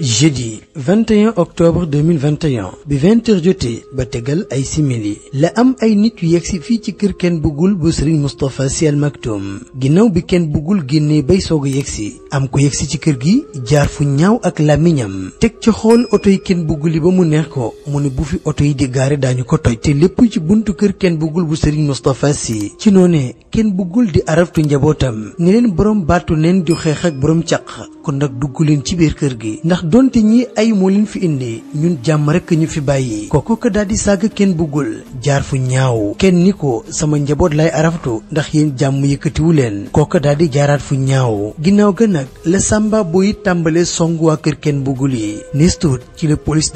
jeudi 21 octobre 2021 bi 20 heures jotee ba tegal ay simili la am ay nit yu yegsi fii ci kër kenn bëggul bu Serigne Moustapha Sy Al Maktoum ginnaaw bi kenn bëggul génnee bay soog a yegsi am ko yegsi ci kër gi jaar fu ñaaw ak làmmiñam teg ci xool oto yi kenn bëggul yi ba mu neex ko mu ne bu fi oto yi di gaare daañu ko toj te lépp ci buntu kër kenn bëggul bu Serigne Moustapha si ci noonee Ken bugul di araftu njabotam ni len borom batu nen di xex ak borom caq kon nak dugg leen ci bir keur gi ndax donti ñi ay mo len fi indi ñun jam rek ñu fi bayyi koku ka daal sag ken bugul jaar fu ñaaw ken niko sama njabot lay araftu ndax yeen jam yëkkatiwu wu len koku di jaarat fu ñaaw ginnaaw ga boy tambale songu wa keur ken bugul yi nistuut ci le police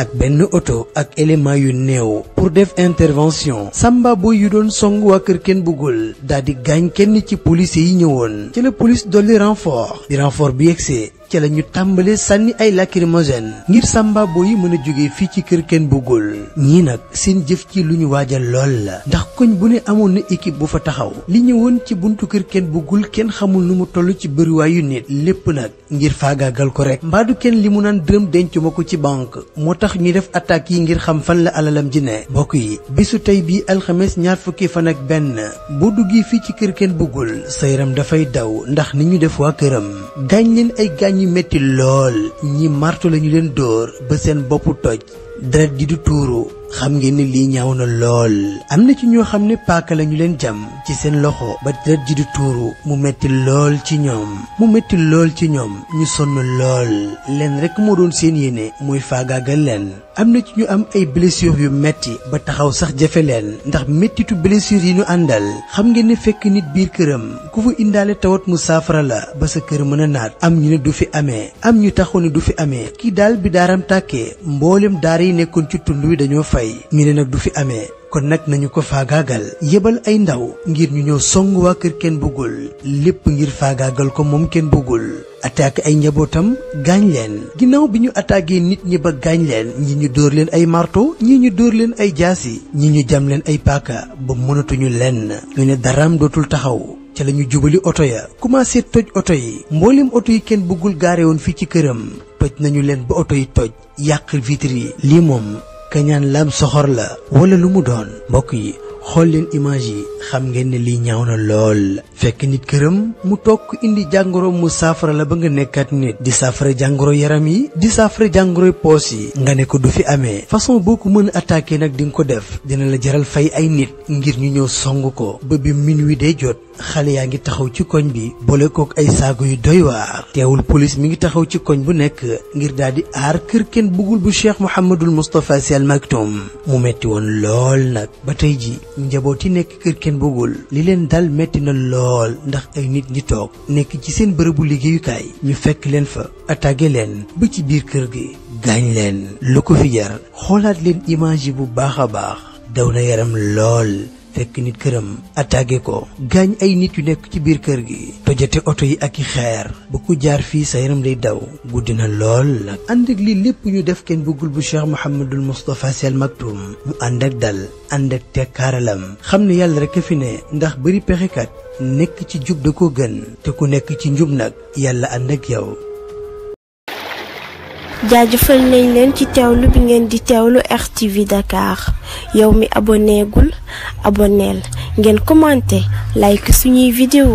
ak ben auto ak element yu neew pour def intervention samba boy yu don songu wa keur ken bugul yàggul daal di gaañ kenn ci police yi ñëwoon ci la police dolli renfort bi renfort bi yegsee ca la ñu tàmbalee sànni ay lacrymogène ngir sàmba booy yi mën a jóge fii ci kër kenn bëggul ñii nag seen jëf ci lu ñu waajal lool la ndax koñ bu ne amoon na équipe bu fa taxaw li ñëwoon ci buntu kër kenn bëggul kenn xamul nu mu toll ci bëriwaayu nit lépp nag ngir faagaagal ko rek mbaadu kenn li mu naan dërëm dencuma ko ci banque moo tax ñuy def attaques yi ngir xam fan la alalam ji ne mbokk yi bisu tey bii alxemes ñaar fukki fan ak benn boo duggee fii ci kër kenn bëggul sa yaram dafay daw ndax ni ñu def waa këram gaañ leen ay gaañ yu metti lool ñi marto lañu leen dóor ba seen boppu toj deret ji du tuuroo xam ngeen ni lii ñaaw na lool am na ci ñoo xam ne paaka la leen jam ci seen loxo ba deret ji tuuru mu metti lool ci ñoom mu metti lool ci ñoom ñu sonn lool leen rekk moo doon seen yéene mooy faagaagal leen am na ci ñu am ay blessures yu metti ba taxaw sax jafe leen ndax méttitu blessures yi ñu àndal xam ngeen ne fekk nit biir këram ku fa indaale tawat mu saafara la ba sa kër mën a naat am ñu ne du fi amee am ñu taxaw ne du fi amee kii daal bi daaram tàkkee mboolem daara yi nekkoon ci fay mi ne nag du fi amee kon nag nañu ko faagaagal yebal ay ndaw ngir ñu ñëw song waa kër kenn bëggul lépp ngir faagaagal ko moom kenn bëggul attaque ay njabootam gaañ leen ginnaaw bi ñu attaqué nit ñi ba gaañ leen ñi ñu dóor leen ay marto ñi ñu dóor leen ay jaasi ñi ñu jam leen ay paaka ba mënatuñu lenn ñu ne daraam dootul taxaw ca la ñu jubali oto ya commencé toj oto yi mboolem oto yi kenn bëggul gaare fii ci këram toj nañu leen ba oto yi toj yàq kañaan laam soxor la wala lu mu doon mbokk yi xool leen image yi xam ngeen ne lii ñaaw na lool fekk nit këram mu toog indi jàngoro mu saafara la ba nga nekkaat nit di saafara jàngoro yaram yi di saafara jàngoro poos yi nga ne ko du fi amee façon boo ko mën a attaqué nag di nga ko def dina la jaral fay ay nit ngir ñu ñëw song ko ba bi minuit dee jot xale yaa ngi taxaw ci koñ bi boole kook ay saago yu doy waar teewul police mi ngi taxaw ci koñ bu nekk ngir daal di aar kër kenn bëggul bu cheikh Mouhamadul Moustapha Sy Al Maktoum mu metti woon lool nag ba tey ji njaboot yi nekk kër kenn bëggul li leen dal metti na lool ndax ay nit ñi toog nekk ci seen bërëbu liggéeyukaay ñu fekk leen fa attaqué leen ba ci biir kër gi gaañ leen lu ko fi jar xoolaat leen image bu baax a baax daw na yaram lool fekk nit këram attaqué ko gaañ ay nit yu nekk ci biir kër gi tojate oto yi ak i xeer bu ku jaar fii sa yaram lay daw guddi na lool ànd ak lii lépp ñu def kenn bëggul bu Cheikh Mouhamadul Moustapha Sy Al Maktoum mu ànd ak dal ànd ak tekkaaralam xam ne yàlla rek a fi ne ndax bëri pexekat nekk ci jub da ko gën te ku nekk ci njub nag yàlla ànd ak yow jaajëfal nañ leen ci teewlu bi ngeen di teewlu RTV Dakar yow mi abonné gul abonneel ngeen commenté like suñuy vidéo